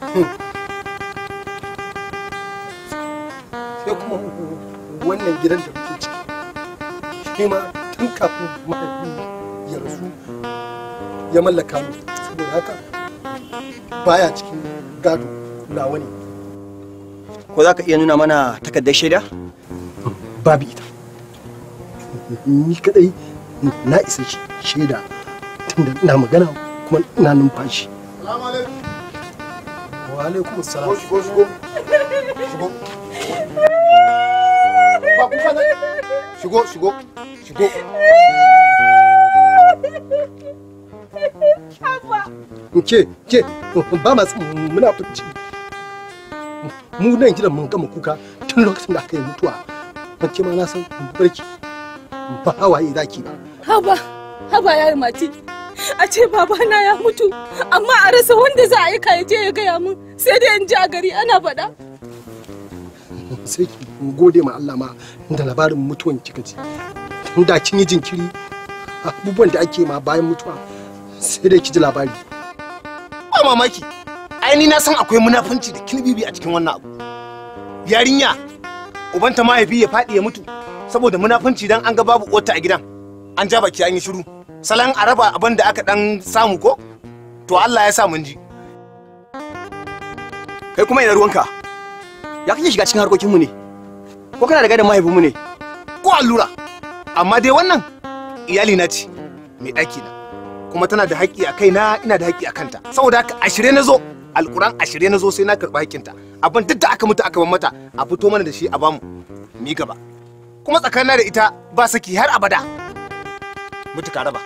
sai kuma wannan gidan da muke ciki shi ma tun kafin mahaifi ya rasu ya mallaka mu saboda haka baya cikin gado nawa ko za ka iya nuna mana takardar shaida babu ita ni kadai na isa shaida tunda ina magana kuma ina numfashi. alaikum. wa alaikum assalam shigo shigo shigo ba ku kana shigo shigo shigo ke ke ba masu muna fice mu nan gidan mun gama kuka tun lokacin da aka yi mutuwa ban ce ma na san barki ba hawaye zaki ba haba haba yayi mati a ce babana ya mutu amma a rasa wanda za a yi ka je ya gaya min sai dai in ji a gari ana faɗa sai ki gode ma Allah ma da labarin mutuwan kika ji da kin yi jinkiri abubuwan da ake ma bayan mutuwa sai dai ki ji labari ba mamaki ai ni na san akwai munafunci da kilbibi a cikin wannan abu yarinya ubanta mahaifi ya faɗi ya mutu saboda munafunci dan an ga babu uwarta a gidan an ja baki an yi shiru salon a raba abin da aka dan samu ko to Allah ya sa mun ji kai kuma ina ruwanka ya kake shiga cikin harkokinmu ne ko kana da gadon mahaifinmu ne ko allura amma dai wannan iyali na ce mai ɗaki na kuma tana da haƙƙi a kaina ina da haƙƙi a kanta saboda haka ashirin na zo alƙuran ashirin na zo sai na karɓi ta. abin duk da aka mutu aka bar mata a fito mana da shi a bamu Ni gaba kuma tsakanina da ita ba saki har abada mutu ka raba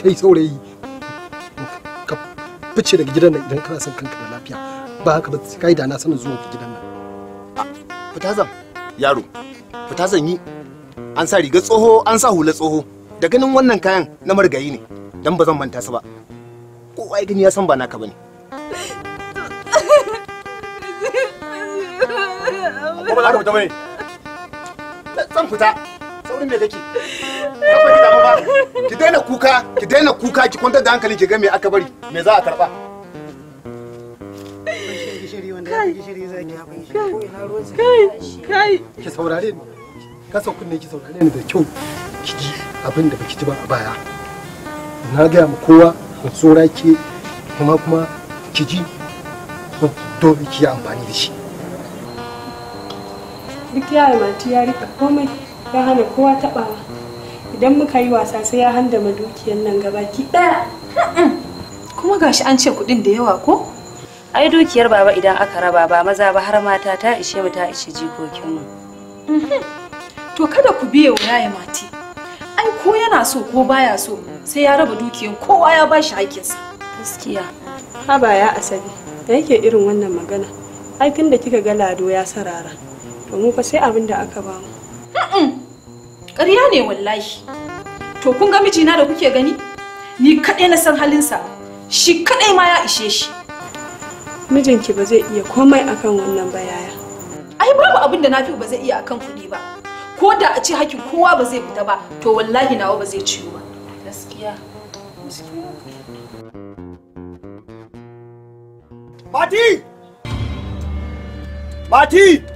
kai saurayi ka fice daga gidan nan idan kana son kanka da lafiya ba haka ba sai kai da na sanin zuwa gidan nan fita zan yaro fita zan yi an sa riga tsoho an sa hula tsoho da ganin wannan kayan na margayi ne dan ba zan manta su ba kowa gani ya san ba naka bane kuma za ka fita bane zan fita saurin me kake ki daina kuka ki daina kuka ki kwantar da hankali ki ga me aka bari me za a karba ki saurare ni ka sauku ne ki saurare ni da kyau ki ji abin da baki ji ba a baya na gaya ma kowa tsora ke kuma kuma ki ji dole ki yi amfani da shi duk yaro mati ya rika komai ya hana kowa taɓawa idan muka yi wasa sai ya handama dukiyar nan gabaki ɗaya kuma gashi an ce kuɗin da yawa ko ai dukiyar baba idan aka raba ba maza ba har mata ta ishe mu ta ishe jikokinmu mm-hmm. to kada ku biye wa yaya mati ai ko yana so ko baya so sai ya raba dukiyar kowa ya bashi hakinsa gaskiya ha ba ya asabi da yake irin wannan magana ai tun da kika ga lado ya sarara to mu fa sai abin da aka ba mu Mm. ƙarya ne wallahi to kun ga mijina da kuke gani ni kaɗai na san halin sa shi kaɗai ma ya ishe shi mijinki ba zai iya komai akan wannan bayaya ai babu abin da nafi ba zai iya akan kuɗi ba ko da a ce hakin kowa ba zai fita ba to wallahi nawa ba zai ciwo ba gaskiya Mati! Mati!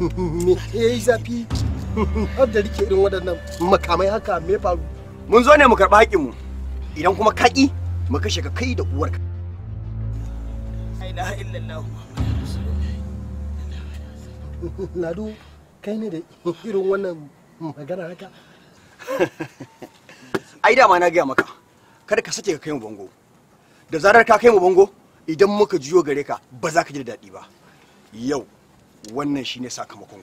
me ya yi zafi har da rike irin waɗannan makamai haka me faru mun zo ne mu karɓi mu idan kuma kaƙi mu kashe ka kai da uwarka ilaha illallah ladu kai ne da irin wannan magana haka ai dama na gaya maka kada ka sace ka kai mu bango da zarar ka kai mu bango idan muka juyo gare ka ba za ka ji daɗi ba yau wannan shine sakamakon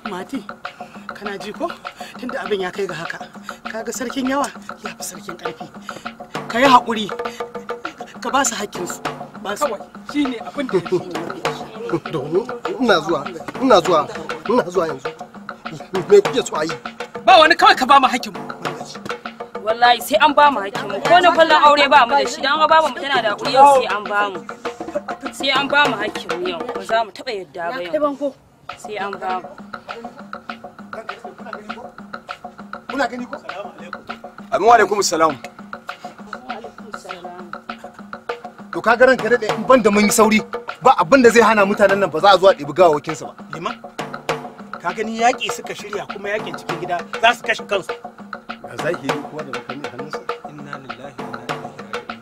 ku mati kana ji ko tunda abin ya kai ga haka kaga sarkin yawa ya fi sarkin ƙarfi ka yi haƙuri ka ba su haƙƙinsu ba su shine abin da ina zuwa ina zuwa ina zuwa yanzu me kuke so a yi ba wani kawai ka ba mu haƙƙinmu wallahi sai an ba mu hakkin mu ko na fallan aure ba mu da shi dan ba mu tana da hakuri yau sai an ba mu sai an ba mu hakkin mu yau ba za mu taba yadda ba yau sai an ba mu kuna gani ko assalamu alaikum assalamu alaikum to ka ga ranka dade in ban da mun yi sauri ba abin da zai hana mutanen nan ba za a zo a ɗibi gawawakin ba liman ka gani yaƙi suka shirya kuma yaƙin cikin gida za su kashe kansu zaki yi kuwa da baka mai hannunsa inna lillahi wa inna ilaihi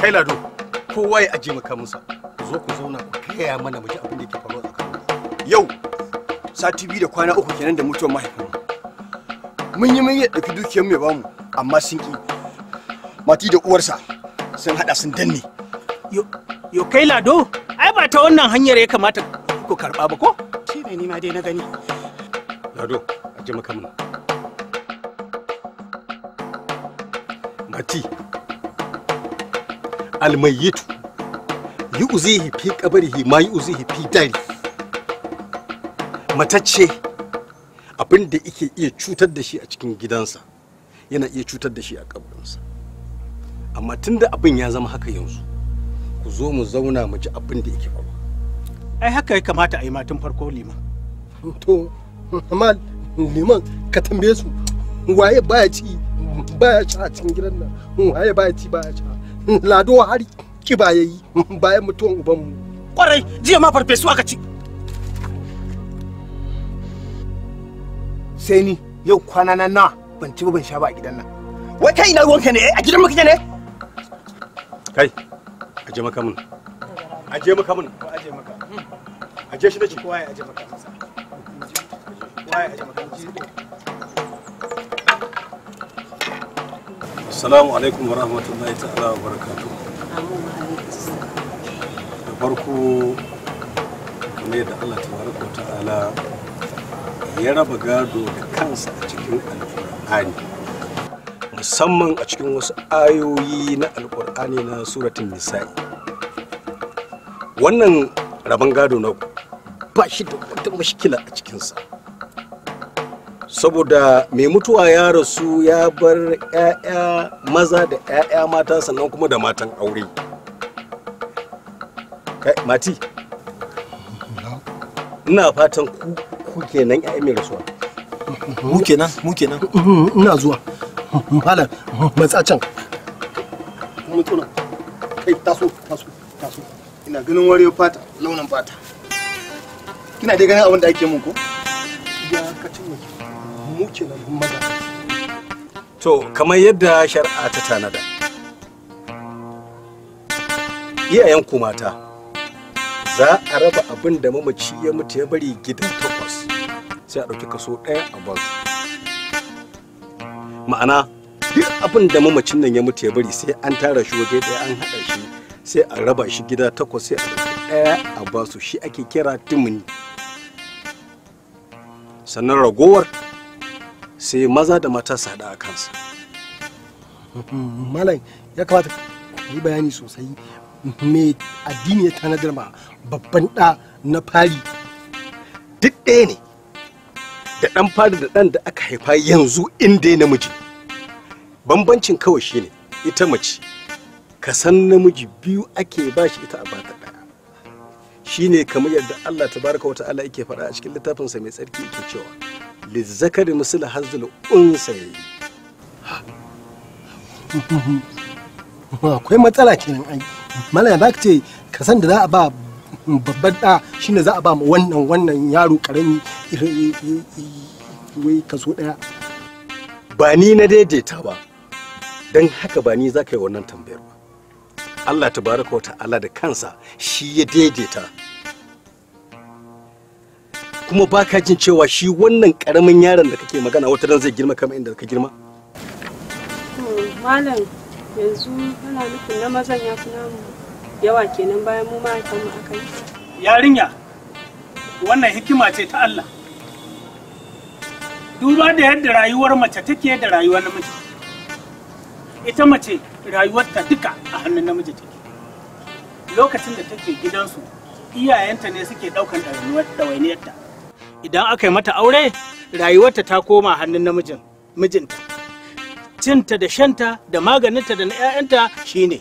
kai lado kowa ya aje maka musa ku zo ku zauna ku kaya mana mu ji abin da yake faruwa tsakanin yau sati biyu da kwana uku kenan da mutuwar mahaifin mun yi mun yi ɗauki dukiyar mai bamu amma sun ki mati da uwarsa sun hada sun danne yo kai lado ai ba ta wannan hanyar ya kamata ku karba ba ko shi ne ni ma dai na gani lado aje maka mana gati almayitu yi uzihi fi kabarihi ma yi uzihi fi dari matacce abin da yake iya cutar da shi a cikin gidansa yana iya cutar da shi a kabarinsa amma tunda abin ya zama haka yanzu ku zo mu zauna mu ji abin da yake faruwa ai haka ya kamata a yi matan farko liman to amma liman ka tambaye su waye baya ci baya ci a gidan nan hmm, waye baya ci baya ci hmm, lado har kiba yayi hmm, bayan mutuwan uban mu kwarai jiya ma farfesu aka ci sai ni yau kwana na na ban ci ban sha ba a gidan nan wai kai ina ruwanka ne eh? a gidan muke ne kai aje maka mun aje maka mun aje maka aje shi nake kowa ya aje maka masa a ya maka assalamu alaikum warahmatullahi ta'ala wa barakatu da farko kamar da allah baraka ta'ala ya raba gado da kansa a cikin alkur'ani musamman a cikin wasu ayoyi na alkur'ani na suratun nisa'i wannan raban gado na ba shi da wata mashkila a cikinsa saboda mai mutuwa ya rasu ya bar 'ya'ya maza da 'ya'ya mata sannan kuma da matan aure mati ina fatan ku kenan 'ya'ya mai rasuwa mu kenan mu kenan ina zuwa malam matsa can mun tsuna kai taso taso taso ina ganin wariyar fata launin fata kina dai ganin abin da ake mun ko ya ka cin mu kenan maza to kamar yadda shari'a ta tanada iyayen ku mata za a raba abin da mamaci ya mutu ya bari gida takwas sai a ɗauki kaso ɗaya a ba su ma'ana duk abin da mamacin nan ya mutu ya bari sai an tara shi waje ɗaya an haɗa shi sai a raba shi gida takwas sai a ɗauki ɗaya a ba su shi ake kira timini sannan ragowar sai maza da mata su haɗa a kansu. malam ya kamata yi bayani sosai me addini ya tanadar ma babban ɗa na fari duk ɗaya ne da ɗan fari da ɗan da aka haifa yanzu inda ya namiji bambancin kawai shine ita mace ka san namiji biyu ake ba shi ita a bata ɗaya shine kamar yadda Allah ta baraka wata ta'ala yake faɗa a cikin littafinsa mai tsarki yake cewa lizzakari misali hazul unsayi akwai matsala kenan ai malaya za ka ce ka da za a ba babban da shine za a ba mu wannan wannan yaro karami wai kaso daya ba ni na daidaita ba don haka ba ni za ka yi wannan tambayar ba Allah tabaraka wa ta'ala da kansa shi ya daidaita kuma baka jin cewa shi wannan karamin yaron da kake magana wata ran zai girma kamar inda ka girma malam yanzu kana nufin na mazan ya fi namu yawa kenan bayan mu ma'aikan mu aka yi yarinya wannan hikima ce ta Allah duba da yadda rayuwar mace take da rayuwar namiji ita mace rayuwarta duka a hannun namiji take lokacin da take gidansu iyayenta ne suke ɗaukan ɗawainiyarta idan aka yi mata aure rayuwarta ta koma hannun namijin mijinta cinta da shanta da maganinta da na 'ya'yanta shine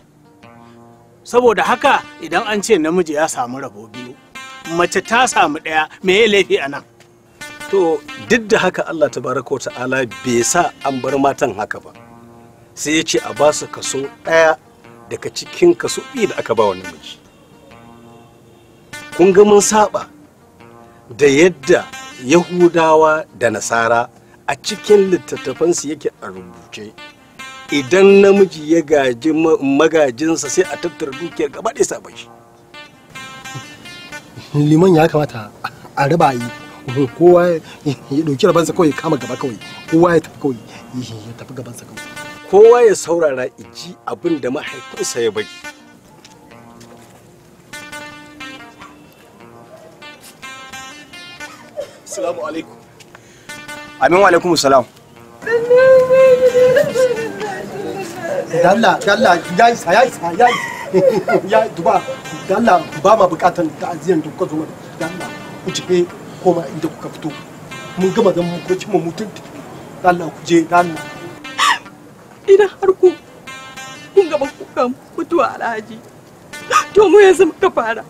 saboda haka idan an ce namiji ya samu rabo biyu mace ta samu ɗaya me ya laifi a nan to duk da haka allah Ta baraka ta'ala bai sa an bar matan haka ba sai ya ce a ba su kaso ɗaya daga cikin kaso biyu da aka ba wa namiji kun ga mun saba da yadda yahudawa da nasara a cikin littattafansu yake a rubuce idan namiji ya gaji magajinsa sai a tattara dukiyar gaba da sabon shi liman ya kamata a raba yi kowa ya ɗauki rabansa kawai kama gaba kawai kowa ya tafi kawai ya tafi gabansa kawai kowa ya saurara iji abin da mahaifinsa ya bari Assalamu alaikum. Amin wa alaikum salam. Dalla, dalla, yayi, yayi, yayi. ya duba, dalla ba ma bukatan ta'aziyan da kuka zo mana. Dalla, ku je koma inda kuka fito. Mun gama zan mun ko cimma mutun. Dalla ku je, dalla. Ina har ku kun gaba kuka mutuwa alhaji. To mu yanzu muka fara.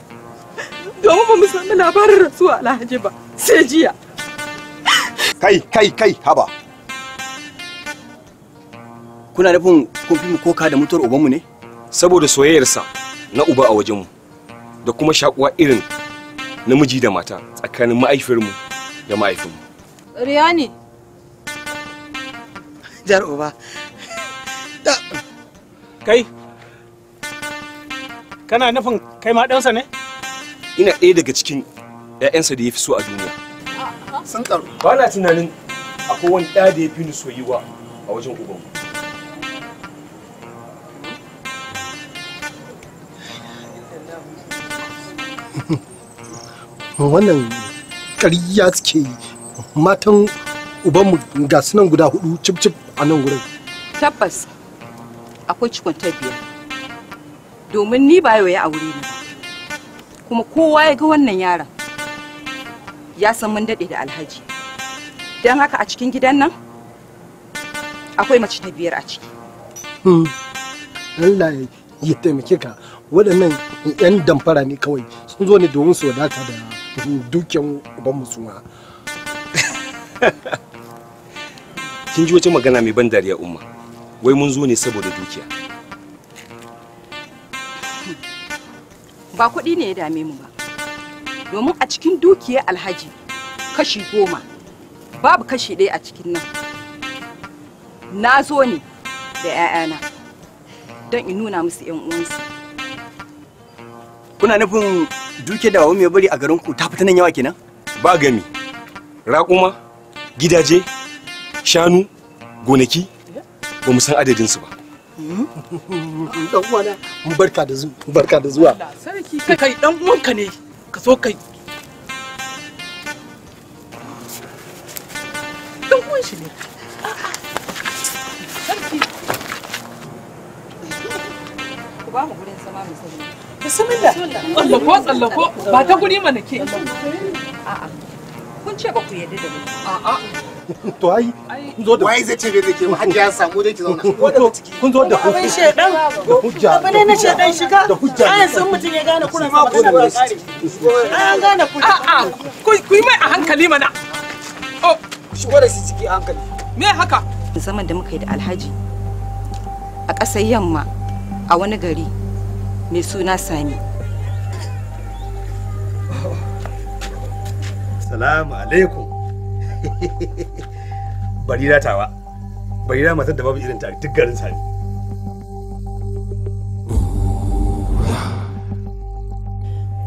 Domin ba mu sami labarin rasuwa alhaji ba. sai jiya kai kai kai haba kuna nufin kun fi mu koka da mutuwar ubanmu ne saboda soyayyarsa na uba a wajenmu da kuma shakuwa irin namiji da mata tsakanin ma'aifiyarmu da ma'aifinmu riya ne jar uba kai kana nufin kai ma ɗansa ne ina ɗaya daga cikin 'ya'yansa da ya fi so a duniya sun karu ba na tunanin akwai wani ɗa da ya fi ni soyuwa a wajen uban wannan ƙarya suke matan ubanmu ga sunan guda hudu cip cip a nan wurin tabbas akwai cikon biyar domin ni ba yau ya aure ni kuma kowa ya ga wannan yaron ya san mun daɗe da alhaji don haka a cikin gidan nan akwai mace ta biyar a ciki hmm. Allah ya taimake ka waɗannan 'yan damfara ne kawai sun zo ne domin su wadata da dukiyan ubanmu suna kin ji wace magana mai ban dariya umma wai mun zo ne saboda dukiya ba kuɗi ne ya dame mu ba domin a cikin dukiyar alhaji kashi goma babu kashi ɗaya a cikin nan na zo ne da 'ya'yana don in nuna musu 'yan uwansu kuna nufin duke da wawo mai bari a garinku ta fita nan yawa kenan ba gami raƙuma gidaje shanu gonaki ba mu san adadinsu ba dan uwana barka da zuwa barka da zuwa sarki kai dan uwanka ne ka so kai don uwan shi ne ba mu gurin sama mu sani bismillah tsallako tsallako ba ta guri mana ke a'a kun ce ba ku yarda da mu a'a to ai kun zo da wai zai ce zai ke ya samu zauna kun zo da hujja shedan da hujja ne na shedan shiga da hujja ai sun mutun ya gane ba ba ai an gane ku yi mai a hankali mana oh shigo da shi ciki a hankali me haka zaman da muka yi da alhaji a ƙasar yamma a wani gari mai suna sani salamu alaikum barira tawa barira matar da babu irin ta duk garin sani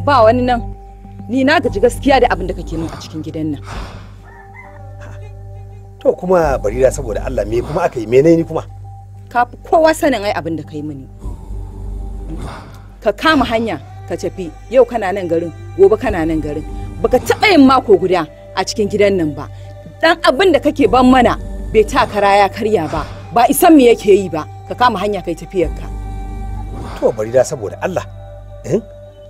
ba wani nan ni na gaji gaskiya da abin da kake min a cikin gidan nan to kuma barira saboda Allah me kuma aka yi menene kuma ka fi kowa sanin ai abin da kai mini ka kama hanya ka tafi yau kana nan garin gobe kana nan garin baka taɓa yin mako guda a cikin gidan nan ba dan abin da kake ban mana bai ta kara ya karya ba ba isan me yake yi ba ka kama hanya kai tafiyarka to bari da saboda Allah eh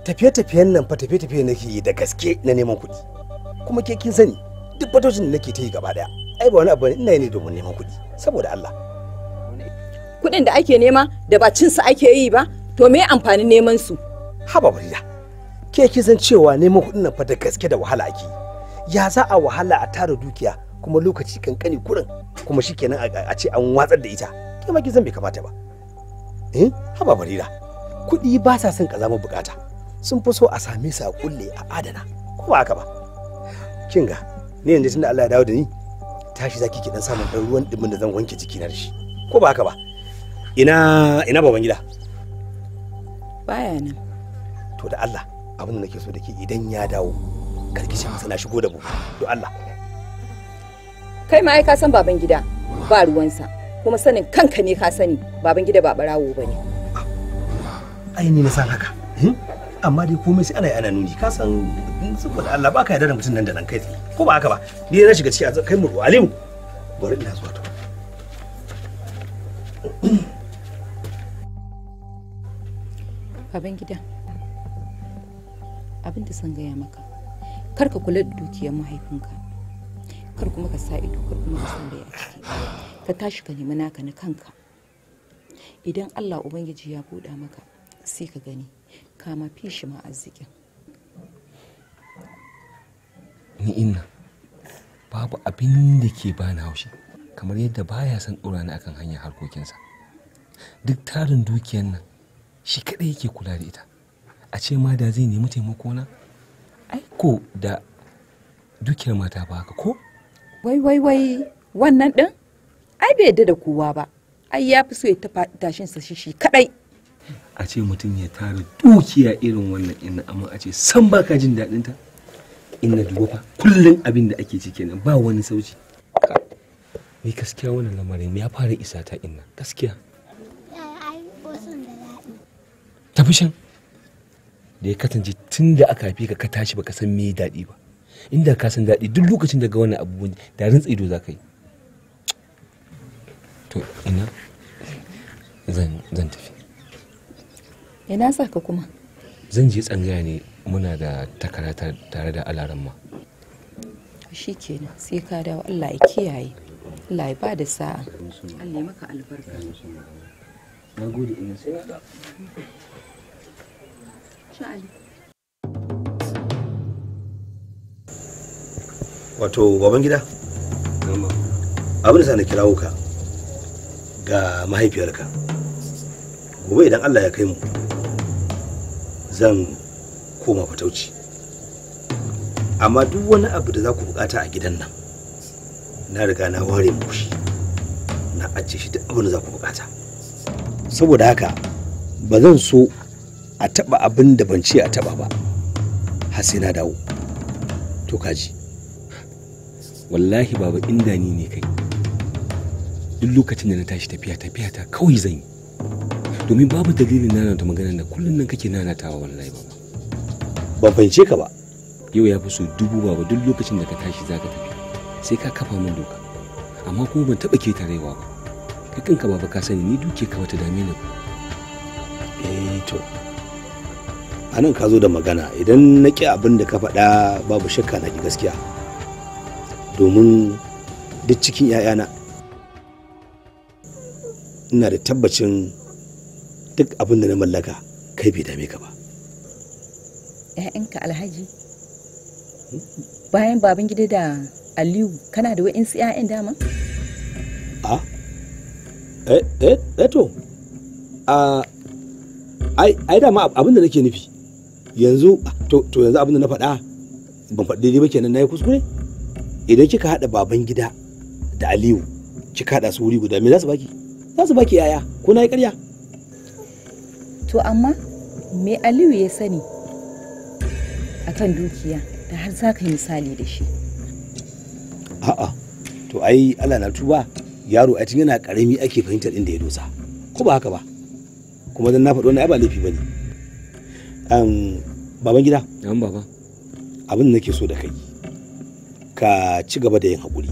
tafiye-tafiyen nan fa tafiye-tafiye nake yi da gaske na neman kuɗi kuma ke kin sani duk fatocin da nake ta yi gaba daya ai ba wani abu ina yi ne domin neman kuɗi saboda Allah kuɗin da ake nema da ba cinsa ake yi ba to me amfanin neman su haba da ke kin san cewa neman kuɗin nan fa da gaske da wahala ake yi ya za a wahala a tara dukiya kuma lokaci kankani kurin kuma shikenan a ce an watsar da ita ke ma zan bai kamata ba eh haba barira kuɗi ba sa son kazama bukata sun fi so a same sa a kulle a adana ko ba haka ba kin ga ni yanzu tunda Allah ya dawo da ni tashi zaki ki dan samun dan ruwan dimin da zan wanke jikina da shi ko ba haka ba ina ina baban gida baya nan to da Allah abin da nake so da ke idan ya dawo karkishin masa shigo da buhu to Allah kai ma ai ka san baban gida ba ruwansa kuma sanin kanka ne ka sani baban gida ba barawo bane ai ni na san haka hmm? amma dai komai sai ana ana nuni ka san hmm, saboda Allah baka yarda da mutum nan da nan kai ko ba haka ba ni na shiga ciki a kai mu alimu bari ina zuwa to baban gida abin da san gaya maka kar ka kula da dukiyar mahaifinka kar kuma ka sa ido kar kuma ka san a ciki ka tashi ka nemi naka na kanka idan Allah ubangiji ya buɗa maka sai ka gani ka ma fi shi ma arzikin ni inna babu abin da ke bani haushi kamar yadda baya son ɗora akan hanyar harkokinsa duk tarin dukiyar nan shi kaɗai yake kula da ita a ce ma da zai nemi taimako na aiko da dukiyar mata ba haka ko wai wai wai wannan din ai bai yadda da kowa ba ai ya fi so ya tafa tashin sa shi kadai a ce mutum ya tara dukiya irin wannan inna amma a ce san baka jin daɗin ta inna duba fa kullum abin da ake ciki nan ba wani sauci ni gaskiya wannan lamarin ya fara isa ta inna gaskiya tafi shan da ya kasance tun da aka haife ka ka tashi baka san me daɗi ba inda ka san daɗi duk lokacin da ga wannan abu da rintsa ido za ka yi to ina zan tafi ina sa ka kuma zan je tsangaya ne muna da takara tare da alaran ma shi kenan sai ka dawo Allah ya kiyaye Allah ya ba da sa'a Allah ya maka albarka na gode ina sai wato baban gida abin da sa na kirawo ka ga mahaifiyarka gobe idan allah ya kai mu zan koma fatauci amma duk wani abu da za ku bukata a gidan nan na riga na ware muku shi na ajiye shi da abin da za ku bukata saboda haka ba zan so a taɓa abin da ban ce a taɓa ba har sai na dawo to kaji wallahi baba inda ni ne kai duk lokacin da na tashi tafiya tafiya ta kawai zan yi domin babu dalilin nanata magana da kullum nan kake nanatawa wallahi baba ban fahimce ka ba yau ya fi so dubu baba duk lokacin da ka tashi za ka tafi sai ka kafa min doka amma kuma ban taɓa ke tarewa ba kai kanka baba ka sani ni duke ka wata dame na ku. eh to a nan ka zo da magana idan na ƙi abin da ka faɗa babu shakka na ƙi gaskiya domin duk cikin 'ya'yana ina da tabbacin duk abin da na mallaka kai bai dame ka ba ‘ya'yanka alhaji bayan babin gida da aliyu kana da su ‘ya'yan dama? a eh eh, eh to a ai dama abin da nake nufi yanzu to yanzu abin da na faɗa ban faɗi daidai ba kenan na yi kuskure idan kika haɗa baban gida da aliyu kika haɗa su wuri guda me za su baki za su baki yaya ko na yi ƙarya to amma me aliyu ya sani akan dukiya da har za ka yi misali da shi a'a to ai allah na tuba yaro a cikin yana karami ake fahimtar inda ya dosa ko ba haka ba kuma dan na faɗi wannan ai ba laifi bane baban gida yan baba abin nake so da kai ka ci gaba da yin haƙuri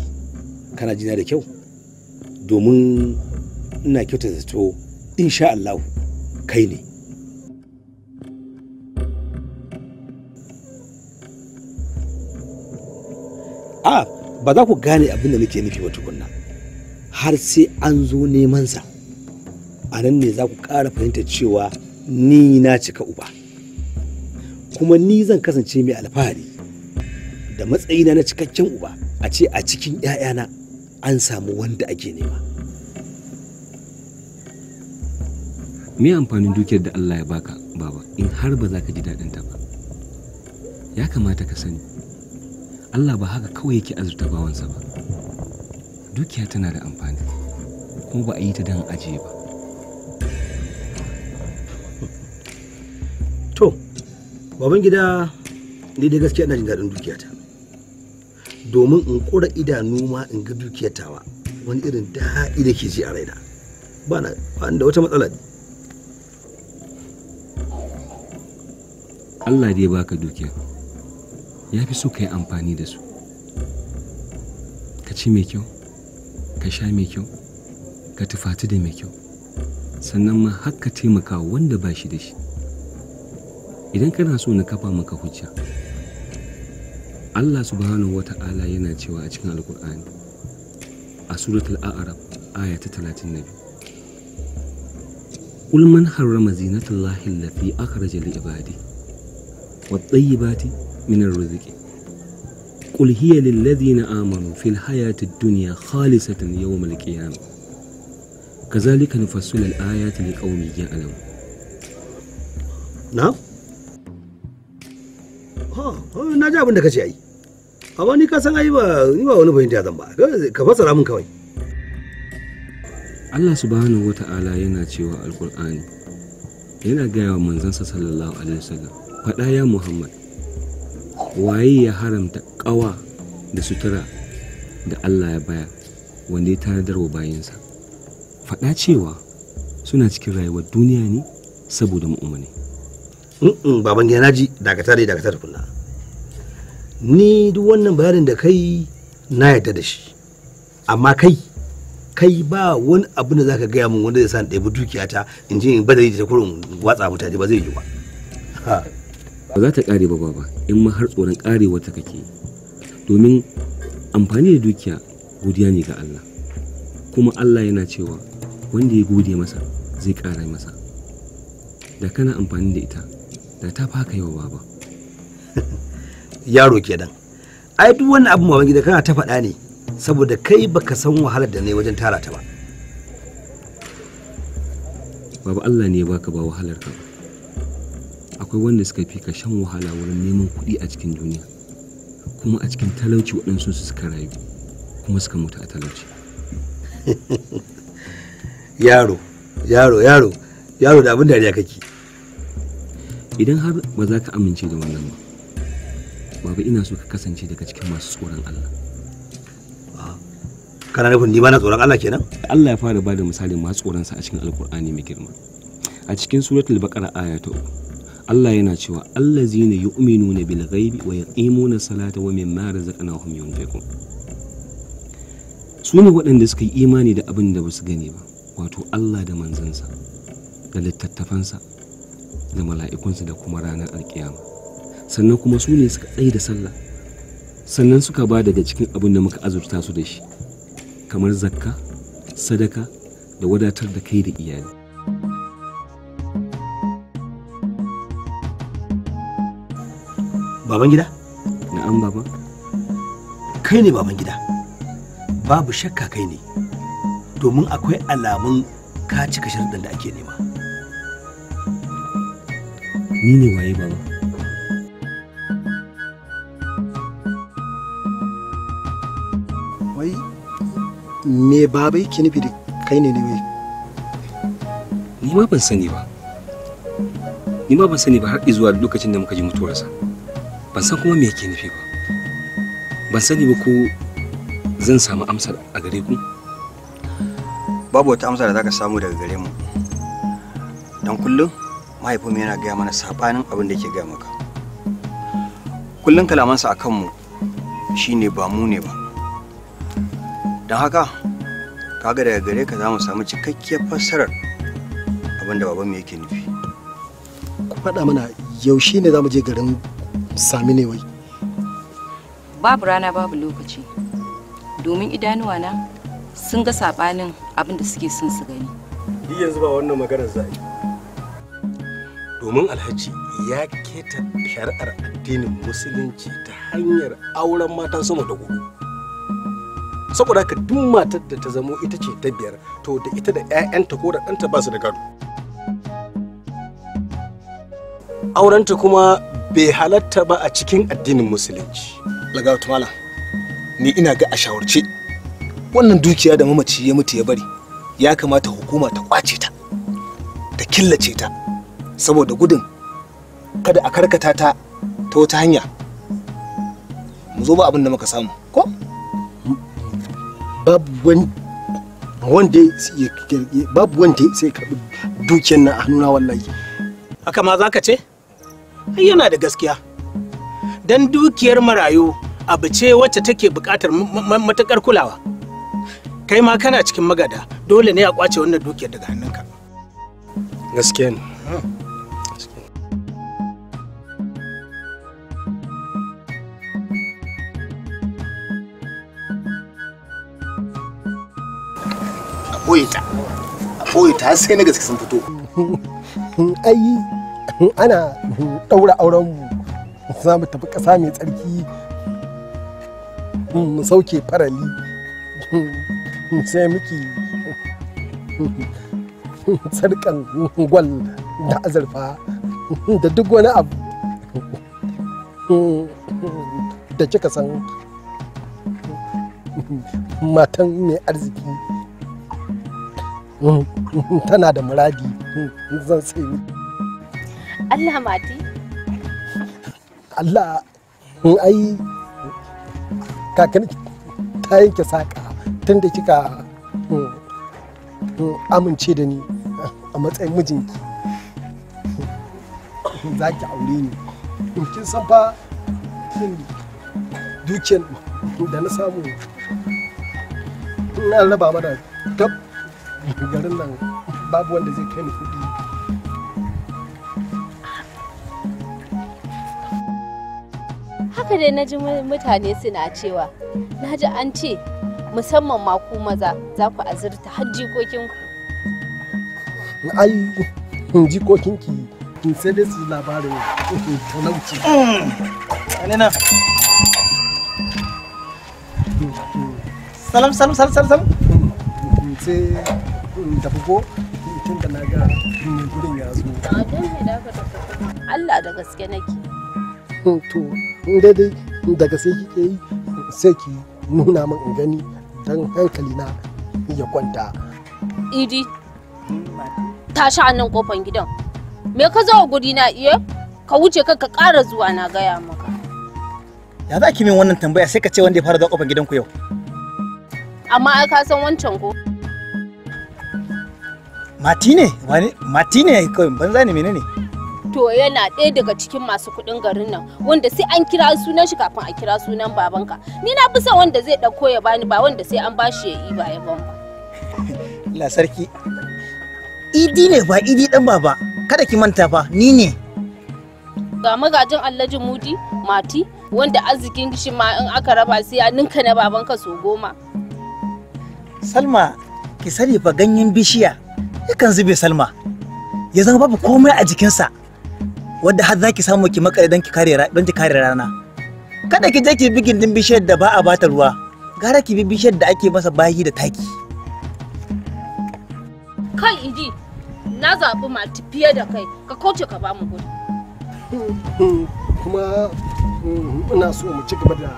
kana jina da kyau domin ina kyauta to insha Allah kai ne a ba za ku gane abin da nake nufi ba tukunna har sai an zo neman sa a nan ne za ku ƙara fahimta cewa ni na cika uba kuma ni zan kasance mai alfahari da matsayina na cikakken uba a ce a cikin 'ya'yana an samu wanda ake nema. Me amfanin dukiyar da Allah ya baka baba in har ba za ka ji daɗinta ba. Ya kamata ka sani, Allah ba haka kawai yake azurta bawansa ba. Dukiya tana da amfani, kuma ba a yi ta don ajiye ba. To, baban gida ni dai gaskiya ina jin daɗin dukiyata domin in ƙura idanu ma in ga dukiyatawa wani irin daɗi da ke ji a raina ba na da wata matsala Allah dai baka dukiya ya fi so ka yi amfani da su ka ci mai kyau ka sha mai kyau ka tufatu da mai kyau sannan ma har ka taimaka wanda ba shi da shi idan kana so na kafa maka hujja Allah subhanahu wa ta'ala yana cewa cikin alkur'ani a suratul a'arab aya ta 32 qul man harrama zinatullahi allati akhraja li ibadi wat tayyibati min arrizqi qul hiya lil ladzina amanu fil hayatid dunya khalisatan yawm al kazalika nufassilu na ayati liqaumin ya'lamun na'am ji abin da kace ai amma ni ka san ai ba ni ba wani fahimta zan ba ka fassara mun kawai Allah subhanahu wata'ala yana cewa alkur'ani yana gaya wa sa sallallahu alaihi wasallam faɗa ya muhammad waye ya haramta ƙawa da sutura da allah ya baya wanda ya tanadar wa bayansa faɗa cewa suna cikin rayuwar duniya ne saboda mu'umani baban gida naji dakatare da kunna ni duk wannan bayanin da kai na yarda da shi amma kai kai ba wani abu da zaka gaya min wanda zai sa ɗaya dukiyata in je in badari da kurin watsa mutane ba zai yi ba ba za ta kare ba baba in ma har tsoron kare ta kake domin amfani da dukiya godiya ne ga Allah kuma Allah yana cewa wanda ya gode masa zai kara masa da kana amfani da ita da ta faka yawa baba yaro kenan ai duk wani abu mawan gida kana ta faɗa ne saboda kai baka san wahalar da ne wajen tara ta ba babu Allah ne baka ba wahalar ka akwai wanda suka fi ka shan wahala wurin neman kuɗi a cikin duniya kuma a cikin talauci waɗansu su suka rayu kuma suka mutu a talauci yaro yaro yaro yaro da abin dariya kake idan har ba za ka amince da wannan ba Baba ina so ka kasance daga cikin masu tsoron Allah. Ah. Kana nufin ni ba na tsoron Allah kenan? Allah ya fara bada misalin masu tsoron sa a cikin Alkur'ani mai girma. A cikin suratul Baqara aya ta Allah yana cewa allazina yu'minuna bil ghaibi wa yaqimuna salata wa mimma razaqnahum yunfiqun. Su ne waɗanda suka yi imani da abin da basu gani ba, wato Allah da manzansa, da littattafansa, da mala'ikunsa da kuma ranar alkiyama. sannan kuma su ne suka tsaye da sallah sannan suka ba daga cikin abin da muka azurta su da shi kamar zakka sadaka da wadatar da kai da iyali baban gida na'am baba kai ne baban gida babu shakka kai ne domin akwai alamun ka cika sharɗin da ake nema ni ne waye baba me baba yake nufi da kai ne ne wai ni ma ban sani ba ni ma ban sani ba har zuwa lokacin da muka ji mutuwarsa ban san kuma me yake nufi ba ban sani ba ko zan samu amsa a gare ku babu wata amsa da zaka samu daga gare mu dan kullum mahaifinmu yana gaya mana sabanin abin da ke gaya maka kullum kalamansa a kanmu shine ba mu ne ba dan haka kaga daga gare ka za mu samu cikakkiyar fassarar abin da mu yake nufi ku faɗa mana yaushe ne za mu je garin sami ne wai babu rana babu lokaci domin idanuwa na sun ga sabanin abin da suke sun su gani ni yanzu ba wannan maganar za domin alhaji ya keta shari'ar addinin musulunci ta hanyar auren mata sama da gudu saboda ka duk matar da ta zamo ita ce ta biyar to da ita da 'ya'yanta ko da ɗanta ba su da gado aurenta kuma bai halatta ba a cikin addinin musulunci lagatu malam ni ina ga a shawarce wannan dukiya da mamaci ya mutu ya bari ya kamata hukuma ta kwace ta ta killace ta saboda gudun kada a karkata ta ta wata hanya mu zo ba abin da muka samu ko babu wanda babu sai karbi dukiyar na a hannuna wallahi haka ma za ka ce yana da gaskiya don dukiyar marayu abu ce wacce take bukatar matakar kulawa kai ma kana cikin magada dole ne a kwace wannan dukiyar daga hannunka gaskiya ne hmm. ɓoye a ta sai na gaske sun fito ai ana ɗaura auren mu za mu tafi ƙasa mai tsarki mu sauke farali sai muke sarkan gwal da azurfa da duk wani abu da kika san matan mai arziki tana da muradi zan sai Allah mati Allah ai kakan ta yanke saƙa tun da kika mm, mm, amince da ni a matsayin mijinki za ki aure ni kin san fa dukiyar da na samu na raba mana garin nan babu wanda zai kai ni kuɗi haka dai na ji mutane suna cewa na ji an ce musamman ma ku maza za ku azurta har jikokinku ai jikokinki sai dai su labarin talauci alina salam salam salam salam in tafi ko tun da na ga yin gudun ya zo. Allah da gaske nake. Hmm, to, in dai da gaske kike yi sai ki nuna min in gani don hankali na ya kwanta. Idi, tashi a nan kofan gidan. Me ka zo guri na iya? Ka wuce ka ka ƙara zuwa na gaya maka. Ya za ki min wannan tambaya sai ka ce wanda ya fara zuwa kofan gidanku yau. Amma ai ka san wancan ko? mati ne mati ne kawai banza ne menene to yana ɗaya daga cikin masu kuɗin garin nan wanda sai an kira sunan shi kafin a kira sunan babanka ni na fi son wanda zai ɗauko ya bani ba wanda sai an bashi ya yi ba ya ban ba la sarki idi ne ba idi dan baba kada ki manta ba ni ne ga magajin alhaji mudi mati wanda arzikin shi ma in aka raba sai ya ninka na babanka so goma salma ki sani fa ganyen bishiya yakan zube salma ya zama babu komai a jikinsa wadda har za ki samu ki makare don ki kare ki kare rana kada ki je ki bi gindin bishiyar da ba a bata ruwa gara ki bi bishiyar da ake masa bayi da taki kan idi na zaɓi mati fiye da kai ka kauce ka ba mu gudu kuma mm, ina so mu ci gaba da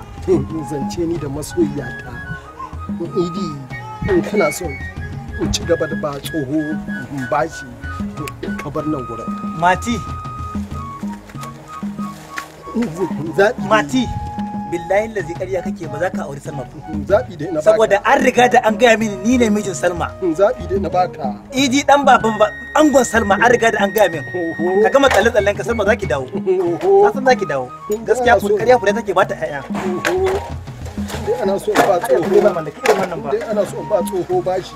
zance ni da masoyiyata idi in kana so in ci gaba da ba tsoho in bashi ka bar nan gurin mati mati billahi lazi ƙarya kake ba za ka auri salma mm, zaɓi dai na baka saboda an riga da an gaya mini ni ne mijin salma mm, zaɓi dai na baka iji dan baban ba angon salma an riga da an gaya min ka gama tsalle tsallen ka salma za ki dawo ka san za ki dawo gaskiya ƙarya fure take ba ta ƴaƴa dai ana so ba tsoho dai ana so ba tsoho ba shi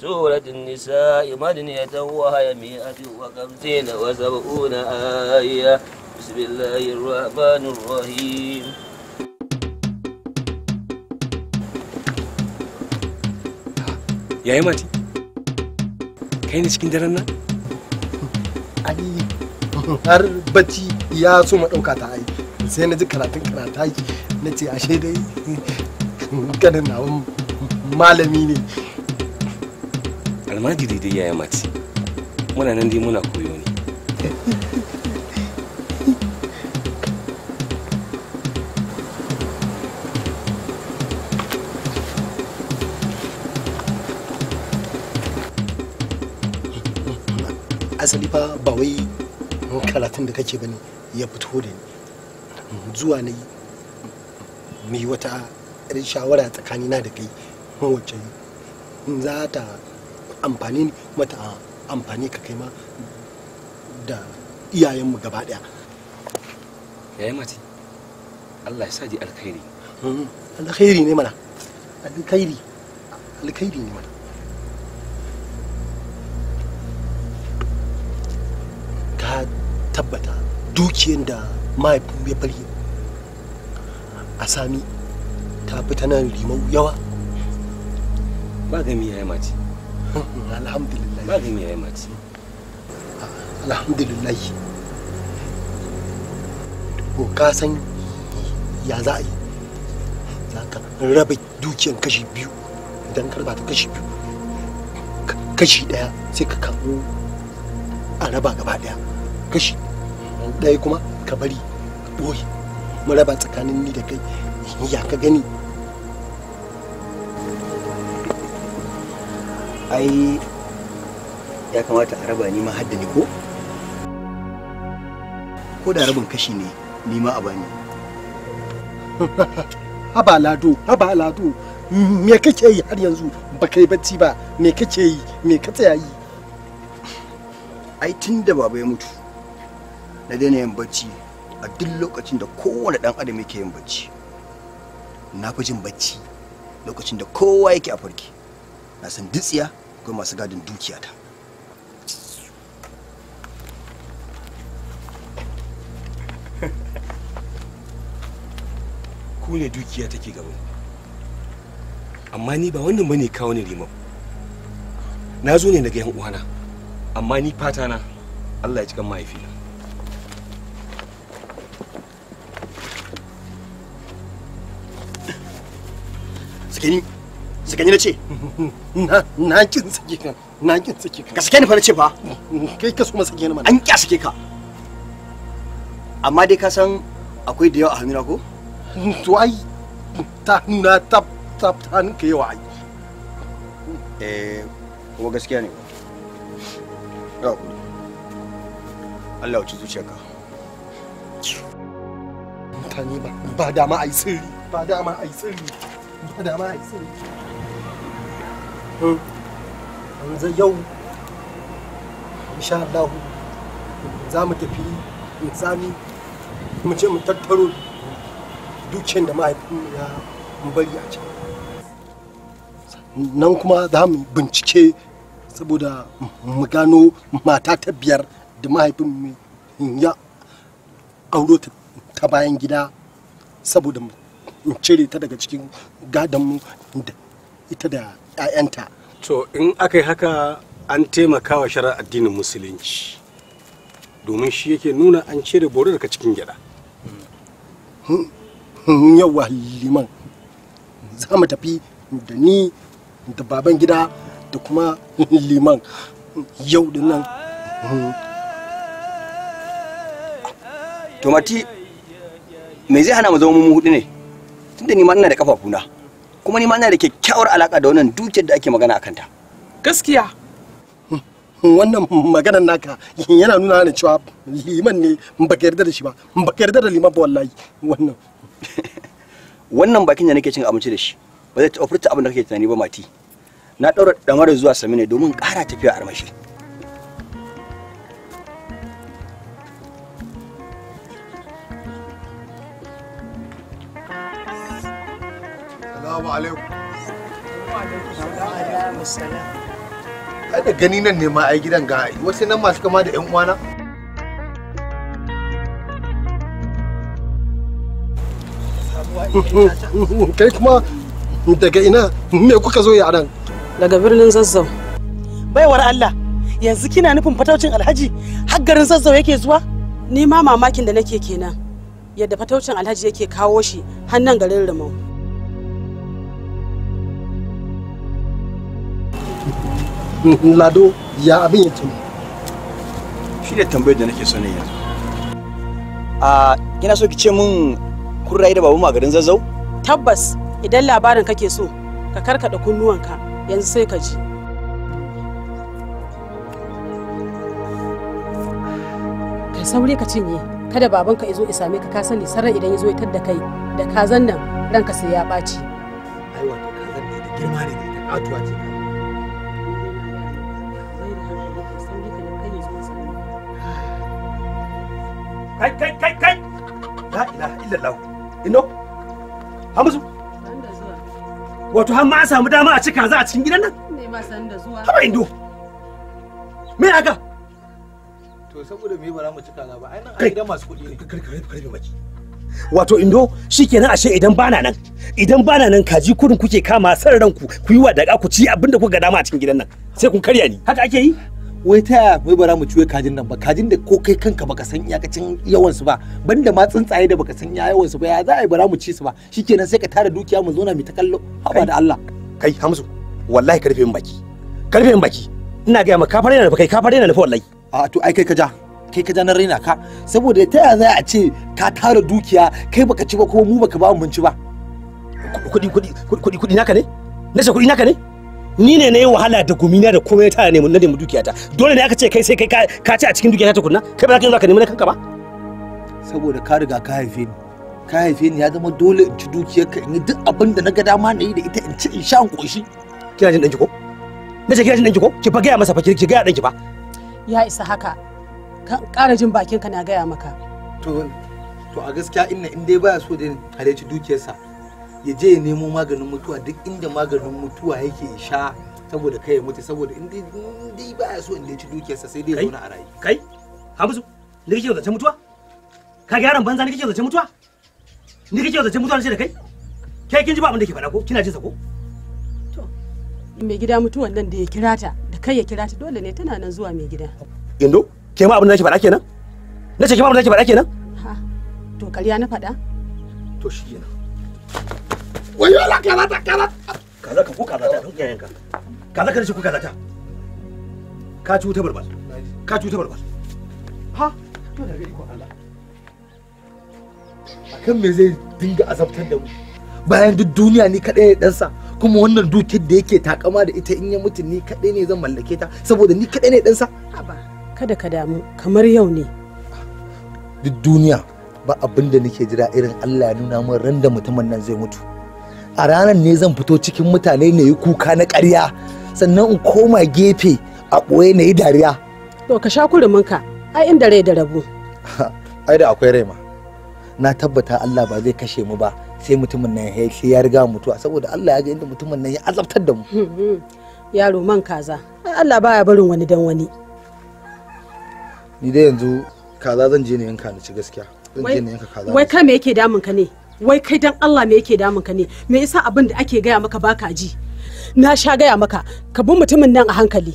سورة النساء مدنية وهي مئة وخمسين وسبعون آية بسم الله الرحمن الرحيم يا yi mati, kai درنا cikin har bacci ya so ma ɗauka ta ai, sai na ji karatun karata na ce ashe dai kanin nawa malami ne. almajiri da yaya mace muna nan dai muna koyo ne asali fa ba wai karatun da kake bane ya fito da ni zuwa na yi mai wata shawara tsakanina da kai wacce za ta amfani mata amfani ka kai ma da iyayenmu gaba daya yayi mace Allah ya saji alkhairi hmm, alkhairi ne mana alkhairi alkhairi ne mana ka tabbata dukiyar da mahaifin ya bari a sami ta fita nan limau yawa ba gami ya yi mace alhamdulillah magani mace alhamdulillah ko ka san ya za a yi za ka raba kashi biyu idan ka raba ta kashi biyu kashi daya sai ka kuma ka bari ka tsakanin ni da kai ka gani ai ya kamata a raba ni ma hadda ni ko ko da rabin kashi ne ni ma a bani haba lado haba lado me kake yi har yanzu ba kai bacci ba me kake yi me ka tsaya yi ai tun da baba ya mutu na daina yin bacci a duk lokacin da kowane dan adam yake yin bacci na fi jin bacci lokacin da kowa yake a farki na san dutsiya akwai masu gadin dukiyata ku ne dukiya take gaban amma ni ba wannan bane kawo ni rimau na zo ne daga yan uwana amma ni fata na Allah ya cikan mahaifina Skinny. saka ni na ce na kin sake ka na kin sake ka ka ni fa na ce fa kai ka so mana an kya sake ka amma dai ka san akwai da yawa a hannuna ko to ai ta na tap tap ta hannun ka yawa ai eh kuma gaskiya ne ba Allah ya ci zuciyarka mutane ba ba dama ai sirri ba dama yanzu yau insha Allah za mu tafi tsami mu ce mu tattaro dukiyar da mahaifinmu ya bari a can nan kuma za mu bincike saboda mu gano mata ta biyar da mahaifin ya auro ta bayan gida saboda mu cire ta daga cikin gadonmu da ita da 'ya'yanta to in aka yi haka an taimaka wa shara addinin musulunci domin shi yake nuna an cire bori daga cikin gida hmm, hmm, yawa liman za mu tafi da ni da baban gida da kuma liman yau da nan hmm. tomati me zai hana mu zama mu hudu ne tunda ni ma ina da kafafuna kuma ni ma ina da kyakkyawar alaka da wannan dukiyar da ake magana a kanta gaskiya hmm, wannan maganar naka yana nuna ni cewa liman ne ba ka yarda da shi ba ba ka yarda da liman ba wallahi wannan wannan bakin da nake cin abinci da shi ba zai taɓa furta abin da kake tunani ba mati na ɗaura ɗamarar zuwa samina domin ƙara tafiya armashi Assalamu alaikum. Ai da gani nan ne ma ai gidan ga wasu nan masu kama da 'yan uwana. Kai kuma daga ina me kuka zo ya nan? Daga birnin Zazzau. Baiwar Allah, yanzu kina nufin fataucin Alhaji har Zazzau yake zuwa? Ni ma mamakin da nake kenan. Yadda fataucin Alhaji yake kawo shi har nan garin Rimau. Mm-hmm. lado ya abin yake tuni. shi ne tambayar da nake so ne yanzu a ah, kina so ki ce min kun rayu da babu a garin zazzau tabbas idan labarin kake so ka karkada kunnuwanka yanzu sai ka ji ka saure ka cinye kada babanka ya zo ya same ka ka sani sarar idan ya zo ya da kai da kazan nan ranka sai ya ɓaci aiwa wato kazan da girma ne da ta ce kai kai kai kai la ilaha illallah ino hamisu wato har ma an samu dama a cika za a cikin gidan nan ne ma san da zuwa ba indo me aka to saboda me ba za mu cika ba ai nan a gidan masu kuɗi ne kar kar kar baki wato indo shikenan ashe idan bana nan idan bana nan kaji kurin kuke kama sararanku ranku ku yi wa daga ku ci abinda kuka ga dama a cikin gidan nan sai kun karya ni haka ake yi wai ta yaya mai bara mu ciwe kajin nan ba kajin da ko kai kanka baka san iyakacin yawan su ba banda ma tsuntsaye da baka san yawan su ba ya za a yi bara mu ci su ba shikenan sai ka tara dukiya mu zauna mu ta kallo haba da Allah kai Hamsu wallahi karfe min baki karfe min baki ina ga maka fare na kai ka fare na da wallahi a to ai kai ka ja kai ka ja na raina ka saboda ta yaya za a ce ka tara dukiya kai baka ci ba ko mu baka ba mu ci ba kuɗi kuɗi kuɗi kuɗi naka ne na sai kuɗi naka ne ni ne na yi wahala da gumina da komai ta ne na dukiyata dole ne aka ce kai sai kai ka ci a cikin dukiyata tukunna kai ba za ka yi ka nemi na kanka ba saboda ka riga ka haife ni ka haife ni ya zama dole in ci dukiyarka in yi duk abin da na ga dama na yi da ita in ci in sha in koshi kina jin danki ko na ce kina jin danki ko ki ba gaya masa fa ki gaya danki ba ya isa haka ka ƙara jin bakinka na gaya maka to to a gaskiya inna in dai baya so da halici dukiyarsa ya je ya nemo maganin mutuwa duk inda maganin mutuwa yake sha saboda kai ya mutu saboda in dai ya so in dai ci dukiyarsa sai dai ya zauna a rayu kai hamisu ni kike zance mutuwa ka ga yaron banza ni kike zance mutuwa ni kike zance mutuwa ce da kai kai kin ji ba abin da ke faɗa ko kina jin sa ko to mai gida mutuwan nan da ya kira ta da kai ya kira ta dole ne tana nan zuwa mai gida indo ke ma abin da nake faɗa kenan nace ke ma abin da nake faɗa kenan ha to kariya na faɗa to shi kenan wayo la kaza ta kaza kaza ka ko kaza ta duk yayanka kaza ka dace ko kaza ta ka ci wuta barbas ka ci wuta barbas ha to daga iko Allah akan me zai dinga azabtar da mu bayan duk duniya ni kadai ne ɗansa kuma wannan dukiyar da yake takama da ita in ya mutu ni kadai ne zan mallake ta saboda ni kadai ne ɗansa kada ka damu kamar yau ne duk duniya ba abin da nake jira irin Allah ya nuna min randa mutumin nan zai mutu a ranar ne zan fito cikin mutane na yi kuka na ƙarya sannan in koma gefe a ɓoye na yi dariya to ka sha ka ai inda rai da rabu ai da akwai rai ma na tabbata Allah ba zai kashe mu ba sai mutumin nan ya sai ya riga mutuwa saboda Allah ya ga inda mutumin nan ya azabtar da mu hmm, hmm. yaro man kaza Allah baya barin wani dan wani ni dai yanzu kaza zan je ne yanka ni ci gaskiya wai kai me yake damun ka ne wai kai dan Allah me yake damun ka ne me yasa abin da ake gaya maka baka ji na sha gaya maka ka bi mutumin nan a hankali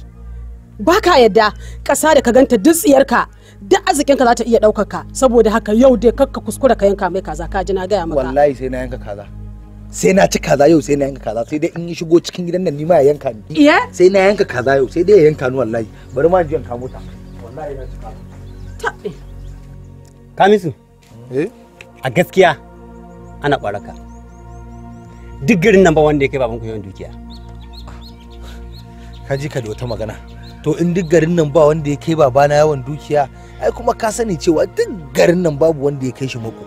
baka yadda ƙasa da ka ganta duk tsiyarka duk arzikin ka za ta iya ɗaukar ka saboda haka yau dai kakka kuskura ka yanka mai kaza ka ji na gaya maka wallahi sai na yanka kaza sai na ci kaza yau sai na yanka kaza sai dai in yi shigo cikin gidan nan ni ma ya yanka ni sai na yanka kaza yau sai dai ya yanka ni wallahi bari ma ji yanka mota wallahi na ci kaza tabe kamisu Eh? a gaskiya ana ɓaraka duk garin nan ba wanda ya kai babanku yawan dukiya ka ji ka da wata magana to in duk garin nan ba wanda ya kai babana yawan dukiya ai kuma ka sani cewa duk garin nan babu wanda ya kai shi mako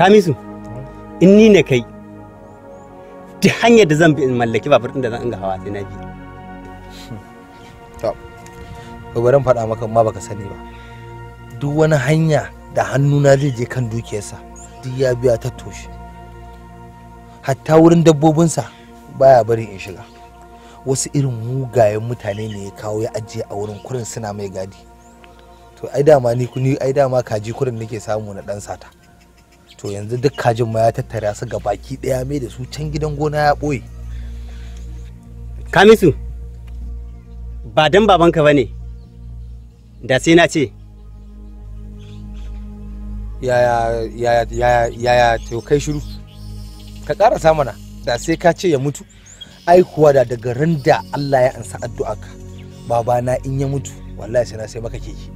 kamisu in ni ne kai ta hanyar da zan bi in mallaki babur din da zan inga hawa sai na bi to bari faɗa maka ma baka sani ba duk wani hanya da hannuna zai je kan dukiyarsa duk ya biya ta toshe hatta wurin dabbobinsa baya barin in shiga wasu irin mugayen mutane ne ya kawo ya ajiye a wurin kurin suna mai gadi to ai dama ni ni ai dama kaji kurin nake samu na dan sata to yanzu duk kajin ma ya tattara su ga baki daya mai da su can gidan gona ya boye kamisu ba dan babanka bane da sai na ce yaya yaya yaya yaya to kai shiru ka karasa mana da sai ka ce ya mutu ai kuwa da daga ran da Allah ya ansa addu'a ka babana in ya mutu wallahi sai na sai maka keke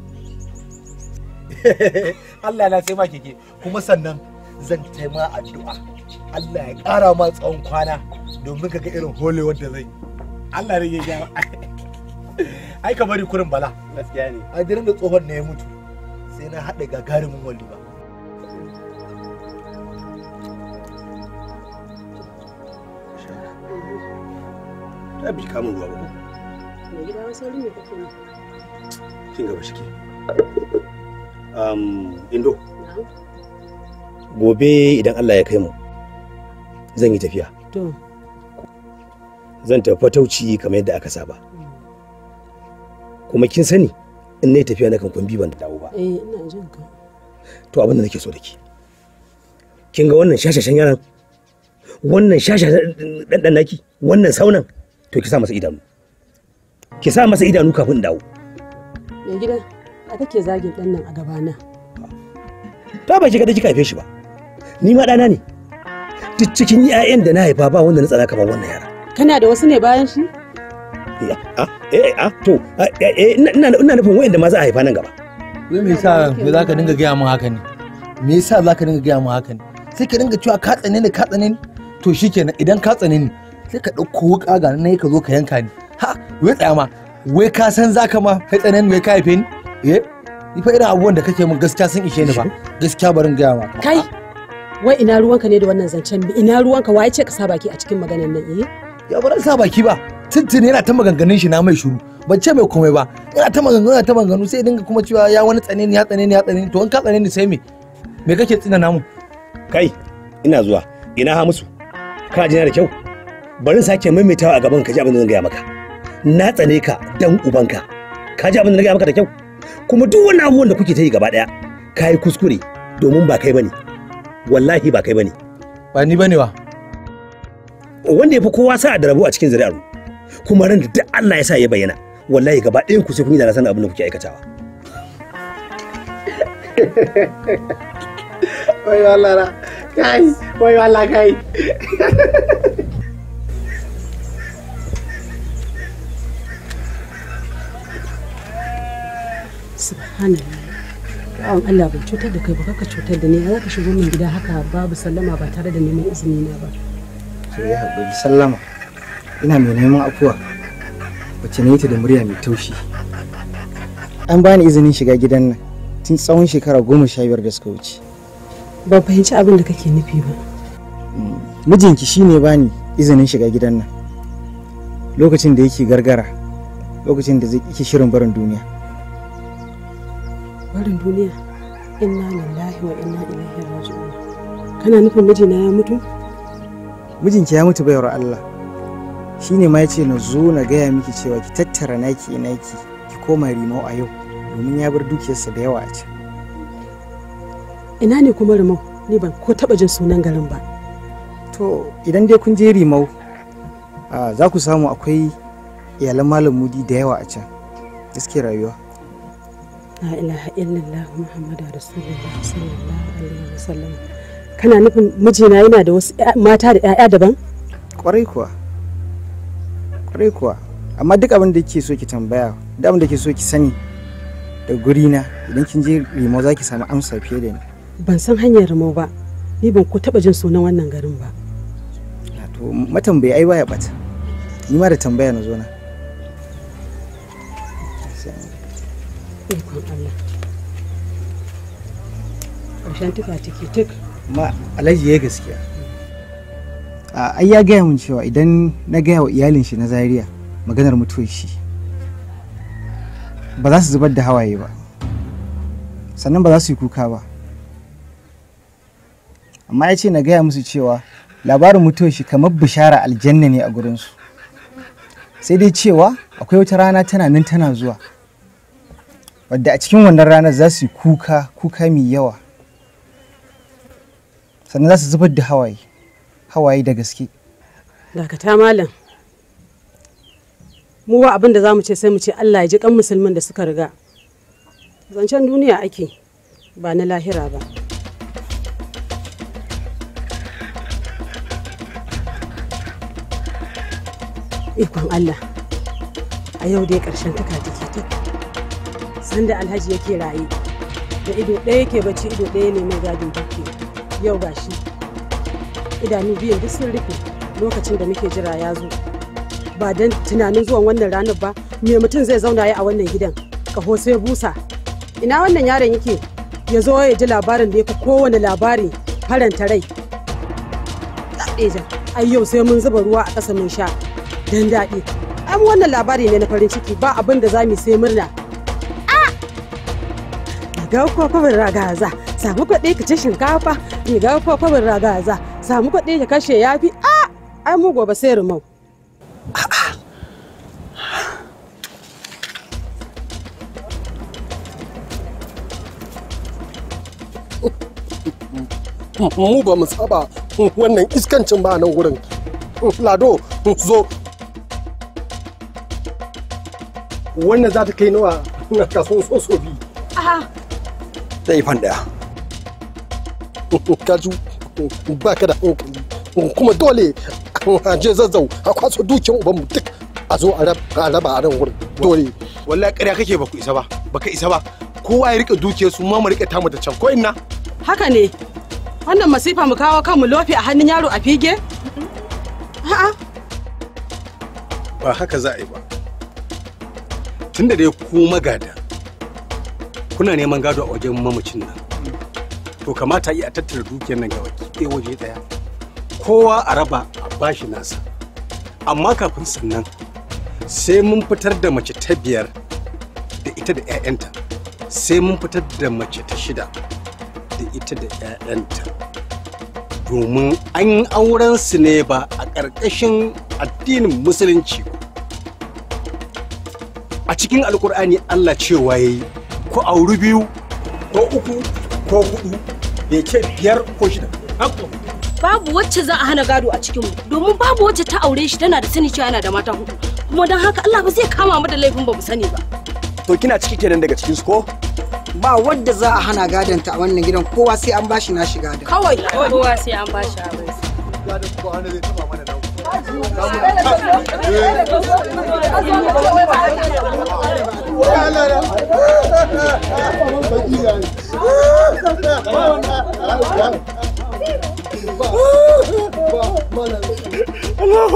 Allah na sai maka keke kuma sannan zan taima addu'a Allah ya ƙara ma tsawon kwana domin ka ga irin hole da zai Allah ne ya gyara ai ka bari kurin bala gaskiya ne a dirin da tsohon na ya mutu sai na haɗa gagarumin walima ta bi kamun ruwa ba mai gida wasu wuri ne kake yi kin gaba shi um indo gobe idan Allah ya kai mu zan yi tafiya to zan tafi fatauci kamar yadda aka saba kuma kin sani in na yi tafiya na kan kwambi ban dawo ba eh ina jin ka to abin da nake so da ki kin ga wannan shashashan yaran wannan shasha dan dan naki wannan saunan to ki sa masa idanu ki sa masa idanu kafin dawo me gida a kake zagin dan nan a gabana to ba ki kada kika haife shi ba ni ma dana ne duk cikin 'ya'yan da na haifa ba wanda na tsara kamar wannan yara kana da wasu ne bayan shi eh, to eh, eh, ina nufin wayan da ma za a haifa nan gaba wai me yasa me za ka dinga gaya min haka ne me yasa za ka dinga gaya min haka ne sai ka dinga cewa ka tsane ni ka tsane ni to shikenan idan ka tsane ni sai ka ɗauko wuƙa ga nan ka zo ka yanka ni ha wai tsaya ma wai ka san zaka ma kai tsanan wai ka haife ni eh ni fa irin abubuwan da kake min gaskiya sun ishe ni ba gaskiya barin gaya ma kai wai ina ruwanka ne da wannan zancen ina ruwanka wai ce ka sa baki a cikin maganar nan eh ya bar sa baki ba tuntun yana ta maganganun shi na mai shuru ban ce mai komai ba yana ta maganganu yana ta maganganu sai dinga kuma cewa ya wani tsanani ya tsanani ya tsanani to an ka tsanani sai me me kake tsina namu kai ina zuwa ina ha musu kana jina da kyau bari sake maimaitawa a gaban ka ji abin da zan gaya maka na tsane ka dan ubanka ka ji abin da na gaya maka da kyau kuma duk wani abubuwan da kuke ta yi gaba daya ka yi kuskure domin ba kai bane wallahi ba kai bane ba ni bane wa wanda ya fi kowa sa da rabu a cikin zuri'ar kuma ran da duk Allah ya sa ya bayyana wallahi gaba ɗayan ku sai kun yi da abin da kuke aikatawa Wai wallah kai, wai wallah kai. subhanallah bawan Allah bai cutar da kai ba kaka cutar da ni a zaka shigo min gida haka babu sallama ba tare da neman izini na ba ki ya sallama ina mai neman afuwa wacce na yi ta da murya mai taushi an bani izinin shiga gidan nan tun tsawon shekara goma sha biyar da suka wuce ba fahimci abin da kake nufi ba mm. mijinki shine bani izinin shiga gidan nan lokacin da yake gargara lokacin da zai shirin barin duniya barin duniya inna lillahi wa inna ilaihi raji'un kana nufin mijina ya mutu mijinki ya mutu bayar Allah shine ma yace na zo na gaya miki cewa ki tattara naki naki ki koma rimau a yau domin ya bar dukiyarsa da yawa a can ina ne kuma rimau ni ban ko taba jin sunan garin ba to idan dai kun je rimau ah, za ku samu akwai iyalan malam mudi da yawa a can gaske rayuwa la ilaha illallah muhammadu rasulullah sallallahu alaihi wasallam kana nufin mijina yana da wasu mata da 'ya'ya daban kwarai kuwa kwarai kuwa amma duk abin da ke so ki tambaya duk abin da ke so ki sani da guri na idan kin je rimo za ki samu amsa fiye da ni ban san hanyar rimo ba ni ban ko taba jin sunan wannan garin ba ah, to matambayi ai baya bata ni ma da tambaya na zo na ikon Allah ƙarshen tuka tuk ma alhaji ya gaskiya ai ya gaya min cewa idan na gaya wa iyalin shi na zaria maganar mutuwar shi ba za su zubar da hawaye ba sannan ba za su yi kuka ba amma ya ce na gaya musu cewa labarin mutuwar shi kamar bishara aljanna ne a gurinsu sai dai cewa akwai wata rana tana nan tana zuwa wadda a cikin wannan ranar za su yi kuka kuka mai yawa sannan za su zubar da hawaye hawaye da gaske dakata malam mu ba abin da za mu ce sai mu ce allah ya ji kan musulmin da suka riga zancen duniya ake ba na lahira ba ikon allah a yau dai ƙarshen takati sanda alhaji yake raye da ido ɗaya yake bacci ido ɗaya ne mai gadin duke yau ga shi idanu biyu duk sun rufe lokacin da muke jira ya zo ba don tunanin zuwan wannan ranar ba me mutum zai zauna ya a wannan gidan kaho sai busa ina wannan yaron yake ya zo ya ji labarin da ya fi kowane labari faranta rai ai yau sai mun zuba ruwa a ƙasa mun sha don daɗi an wannan labari ne na farin ciki ba abin da za mu sai murna riga ko ragaza samu kuɗi ka ci shinkafa riga ko kwabin ragaza samu kuɗi ka kashe yafi a ai mu gobe sai rumau mu ba mu saba wannan iskancin ba nan wurin lado zo wannan za ta kai nawa na kasuwan sosobi ta yi fan daya kaju ba ka da kuma dole a je zazzau a kwaso dukiyar ubanmu duk a zo a raba a nan wurin dole wallahi ƙarya kake ba ku isa ba baka isa ba kowa ya rike dukiyar su ma mu rike tamu da can ko inna haka ne wannan masifa mu kawo kanmu lofi a hannun yaro a fige a'a ba haka za a yi ba tunda dai ku magada kuna neman gado a wajen mamacin nan to kamata yi a tattara dukiyar nan gaba ke waje ɗaya kowa a raba a bashi nasa amma kafin sannan sai mun fitar da mace ta biyar da ita da 'ya'yanta sai mun fitar da mace ta shida da ita da 'ya'yanta domin an auren su ne ba a ƙarƙashin addinin musulunci a cikin alkur'ani allah cewa ya yi ku auri biyu ko uku ko hudu bai ce biyar ko shida babu wacce za a hana gado a cikinmu domin babu wacce ta aure shi tana da sani cewa yana da mata hudu kuma don haka Allah ba zai kama mu da laifin ba mu sani ba to kina ciki kenan daga cikin su ko ba wadda za a hana gadon ta a wannan gidan kowa sai an bashi na gadon. kawai kowa sai an bashi abin Allah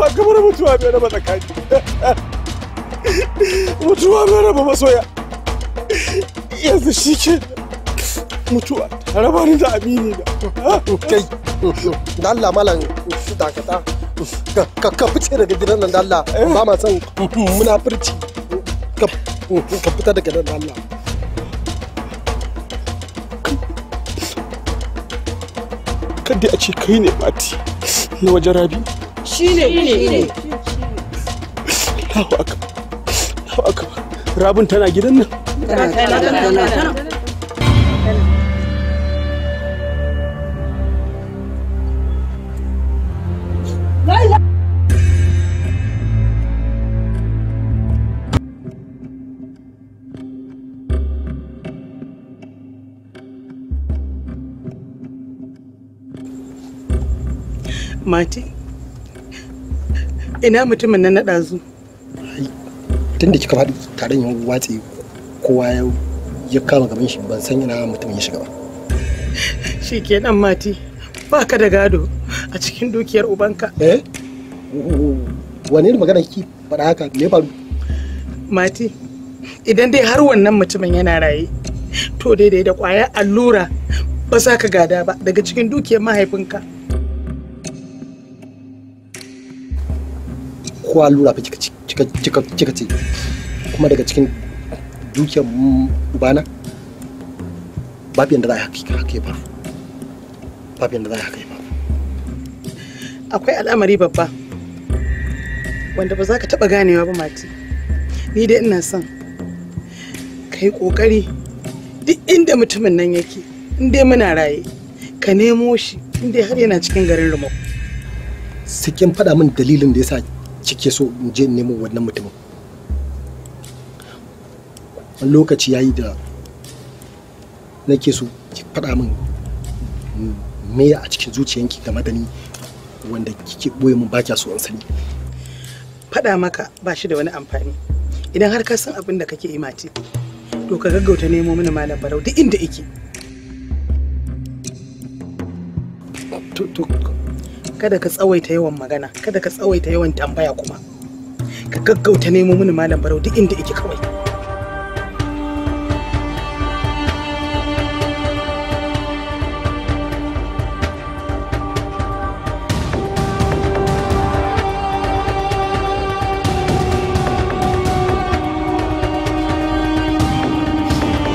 kamar mutuwa bai raba tsakani mutuwa bai raba masoya yanzu shi ke mutuwa raba ni da amini da kai da Allah malam dakata ka fice daga gidan nan da Allah ba ma san muna furci ka fita daga nan da Allah kada a ce kai ne fati na waje rabi shine ne Allahu akbar Allahu akbar rabin tana gidan nan Mati, ina mutumin nan na ɗazu? Tun da kika faɗi tare yin watsi kowa ya kama gaban shi ban san ina mutumin ya shiga ba. Shi nan Mati, ba ka da gado a cikin dukiyar ubanka. Eh? Wane ne magana ki faɗa haka me faru? Mati, idan dai har wannan mutumin yana raye, to daidai da ƙwayar allura ba za ka gada ba daga cikin dukiyar mahaifinka. kowa lura fa kika ce kuma daga cikin dukiyar ubana babu yadda za a hakika haka ya faru babu yadda za akwai al'amari babba wanda ba za ka taba ganewa ba mati ni dai ina son ka yi kokari duk inda mutumin nan yake in dai muna raye ka nemo shi in dai har yana cikin garin rumau sikin fada faɗa min dalilin da ya sa kike so in je in nemo wannan mutumin wani lokaci yayi da nake so ki faɗa min me a cikin zuciyanki game da ni wanda kike boye min ba so an sani faɗa maka ba shi da wani amfani idan har ka san abin da kake yi mace to ka gaggauta nemo mini malam barau duk inda yake to to kada ka tsawaita yawan magana kada ka tsawaita yawan tambaya kuma ka gaggauta nemo mini malam barau duk inda yake kawai